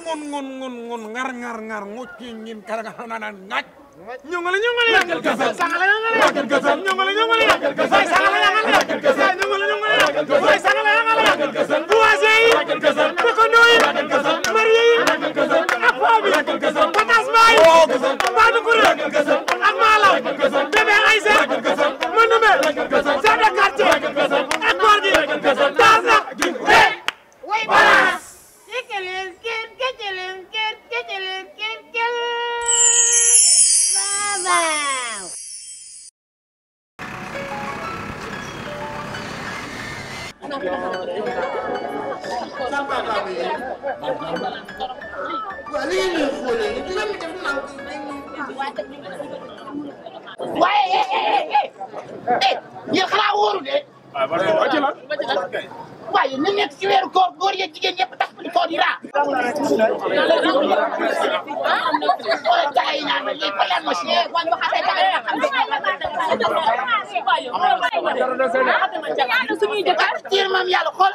ngun ngar ngar ngar ngucing ngin karang hananan ngat nyongol nyongol ya sangala nyongol ya nyongol nyongol ya sangala nyongol ya nyongol nyongol ya sangala nyongol ya waaw li ngeen doon xoolee li ngeen di def naan ko waaye eh eh eh eh yéen xanaa wóoru de. waaye ñu nekk ci weeru koor góor ya jigéen ñëpp tax di koor yi raa. wala jaay yi naan lii par lan machine. wala wax ak ay jaay xam nga. waaw tiir maam yàlla xool.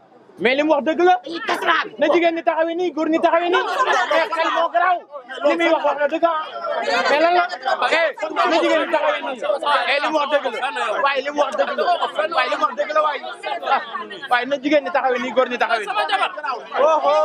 mais li mu wax dëgg la na jigéen ñi taxawee nii góor ñi taxawee nii mais xel moo garaaw li muy wax wax la dëgg ah mais lan la eh, na jigéen ñi taxawee nii eh li mu wax dëgg la waaye li mu wax dëgg la waaye li mu wax dëgg la waaye waaye na jigéen ñi taxawee nii góor ñi taxawee nii oho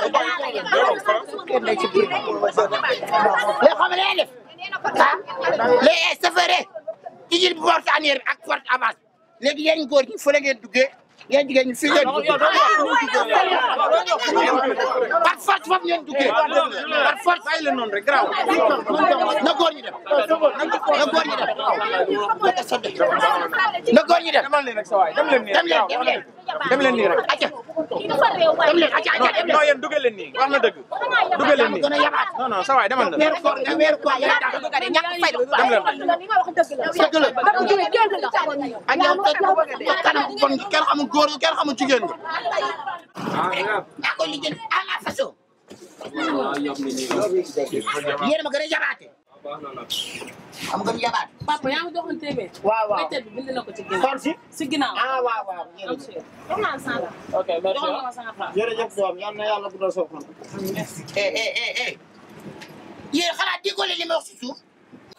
waaye ko lay ci biir mais xam nga def ah les chauffeurs ci jël porte arrière ak porte avant léegi yéen góor ñi fële ngeen duggee yéen jigéen ñi fii ngeen duggee par force foofu ngeen duggee par force bàyyi la noonu rek na góor ñi def na góor ñi def naka sa dëkk na góor ñi dem dem leen dem leen dem leen nii rek acca dem leen acca acca dem leen. non yéen dugal leen nii wax na dëgg dugal leen nii non non sa waay demal na. weeru koor nga weeru koor yaa tax nga ñàkk fay dem leen ak yow kanam bon kenn xamul góor nga kenn xamul jigéen nga. yaa koy liggéey à la façon. yéen a ma gën a am nga yabaat. papa yaa ngi doxoon téeméer. waaw waaw bi bind na ko ci ginnaaw. kon si si ginnaaw. ah waaw waaw jërëjëf. am naa sànq. ok merci ah. jërëjëf doom yal na yàlla guddal soo fan. merci. Eh, eh, eh, yéen xanaa déggoo leen li ma wax si suuf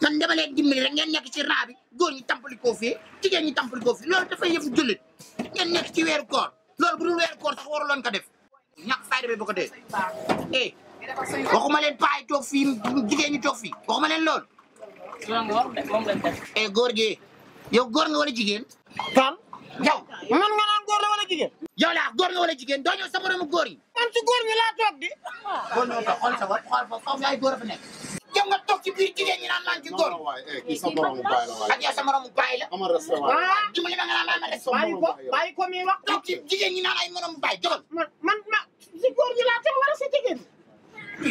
man dama leen dimbali rek ngeen nekk ci raa bi góor ñi tàmpali koo fii jigéen ñi tàmpali koo fii loolu dafay yëf jullit ngeen nekk ci weeru koor loolu bu dul weeru koor sax waruloon ko def ñàkk fayda bi bu ko dee. waxuma leen paa yi toog fii jigéen ñi toog fii waxuma leen lool. e eh, góor gi yow góor nga wala jigéen. kan yow. man nga naan la wala jigéen. yow laa góor nga wala jigéen doo ñëw sa moromu góor yi. man ci góor ñi laa toog di. góor ñoo toog xool sa war a fa nekk. yow ci biir jigéen ñi naan maa ngi ci góor. Eh, sa moromu baay la waaye. baay la. wax. toog ci jigéen ñi naan ay moromu baay jogal.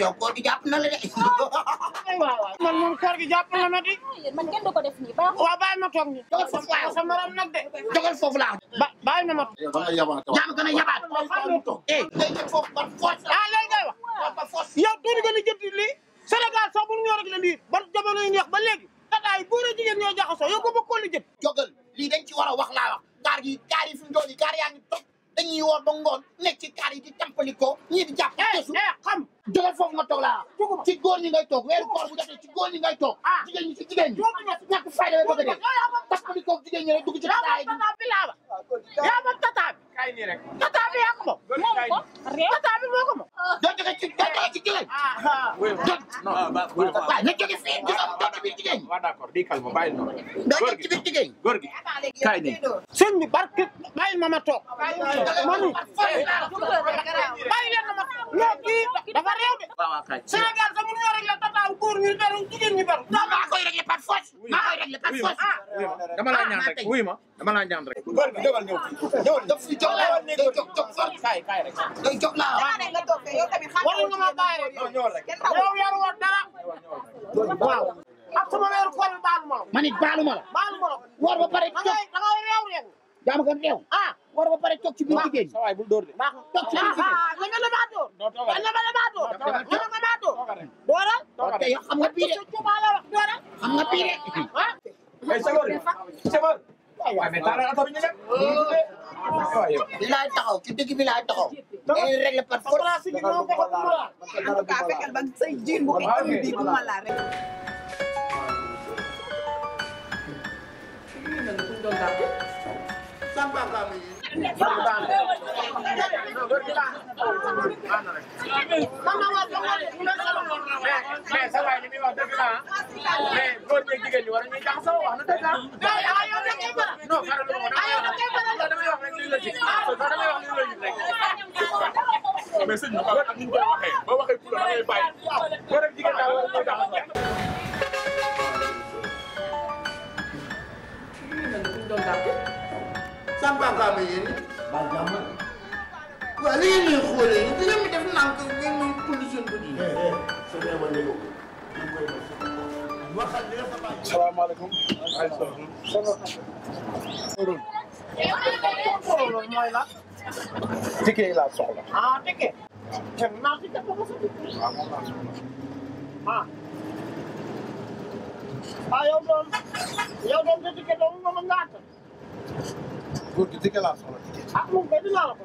yow koor gi jàpp na la de. waaw waaw man moom koor gi jàpp na ma de. man kenn du ko def nii baaxul. waaw bàyyi ma toog nii. jogal foofu waaw sa morom nag de. jogal foofu laa. ba bàyyi na ma toog. jaam gën a yabaat. eh. ah léegi ngay wax. yow tuuti nga li jënd lii. Sénégal sax bu ñu rek la lii ban jamono yu neex ba léegi. tataay góor a jigéen ñoo jaxasoo yow ko bëggoon li jënd. jogal lii dañ ci war a wax laa wax. kaar gi kaar yi fi mu doon yi kaar yaa ngi toog dañuy woo ba ngoon nekk ci kaar yi di tampalikoo ñii di jàpp. Eh, eh, xam foofu nga toog laa ci góor ñi ngay toog weeru koor bu jotee ci góor ñi ngay toog jigéen ñi ci jigéen ñi ñàkk fayda bëgg a def parce que ni ko jigéen ñi rek dugg ci tataay bi yaa moom tataay kaay nii rek. tata bi yaa ko moom. moom ko tata bi moo ko moom. doo jóge ci doo jóge ci jigéen. non ah, ah. ah, waaw na jóge fii di soog a biir jigéen ñi. waaw d'accord di calme bàyyi noonu. doo jóge ci biir jigéen ñi. góor gi kaay nii. sëñ bi barke bàyyi ma ma toog. manu bàyyi leen ma ma toog. non kii dafa réew de. Sénégal sa mënuñoo rek la tata góor ñu beru jigéen ñu beru. force maa koy réglé par force. Ah. Ah, dama laa ah, ñaan rek wuy ma dama laa ñaan rek. góor bi ñëwal ñëw ñëwal daf fi jox laa day jox jox force. kaay kaay rek day jox laa waaw nga toog yow tamit xam nga ma bàyyi rek yow yaru woon dara waaw ak sama weeru koor bi baalu ma la. man it baalu ma la. baalu ma la woor ba pare. da ngay da ngay réew réew. jaamu ko réew. ah woor ba pare toog ci biir jigéen. waaw waaye bul dóor de. toog ci biir jigéen. ah nga la maa dóor. doo toogal de nga la maa dóor. doo toogal de nga la maa dóor. doo toogal de. doo toogal de yow xam nga bii de. ini. kami? Saan kami? man na waa mais sa waay li muy wax dëgg la mais góor ñi jigéen ñi war nañuy jaxasoo wax na dëgg la. yow da ngay faral. non faral ma damay wax rek li la ci damay wax li la ci rek. mais sëñ bi ba ni ñu koy waxee ba waxee pour da ngay bàyyi. góor ak jigéen daal war nañoo jaxasoo. doon dàq. sàmm baa ngi waaw li ngeen ñuy xoolee ni dina mi def nànk ngeen ñuy kulli seen bët yi. salaamaaleykum. loolu mooy la. ticket yi laa soxla. ah ticket. te naa ticket ba ko ah, ah. ah yow doon yow doon te ticket doomu ma ma ngaa góor gi ticket laa soxla ticket. ah moom benn laa la ko.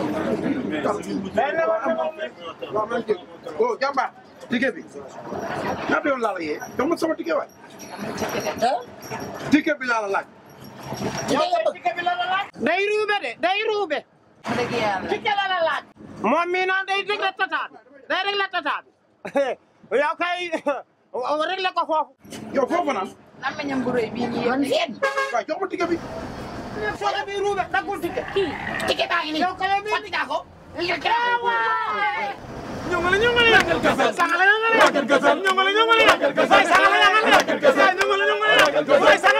oo jàmbaar ticket bi ñaata yoon laa la yee jox ma sama ticket waay. ticket bi laa la laaj. ticket bi la laaj. day ruube de day ruube. dëgg la laaj. moom mii naan day réglé tata bi day réglé tata bi yow kay réglé ko foofu. yow foofu naan. am na ñam bu rëy bii ñu yor. waaw jox soxla bi ruube daggul ticket. ticket baa ngi nii fàttali naa ko. ñoŋale ñoŋale yàggal gasal. sangale ñoŋale yàggal gasal. ñoŋale ñoŋale yàggal gasal. sangale ñoŋale yàggal gasal. ñoŋale ñoŋale yàggal gasal.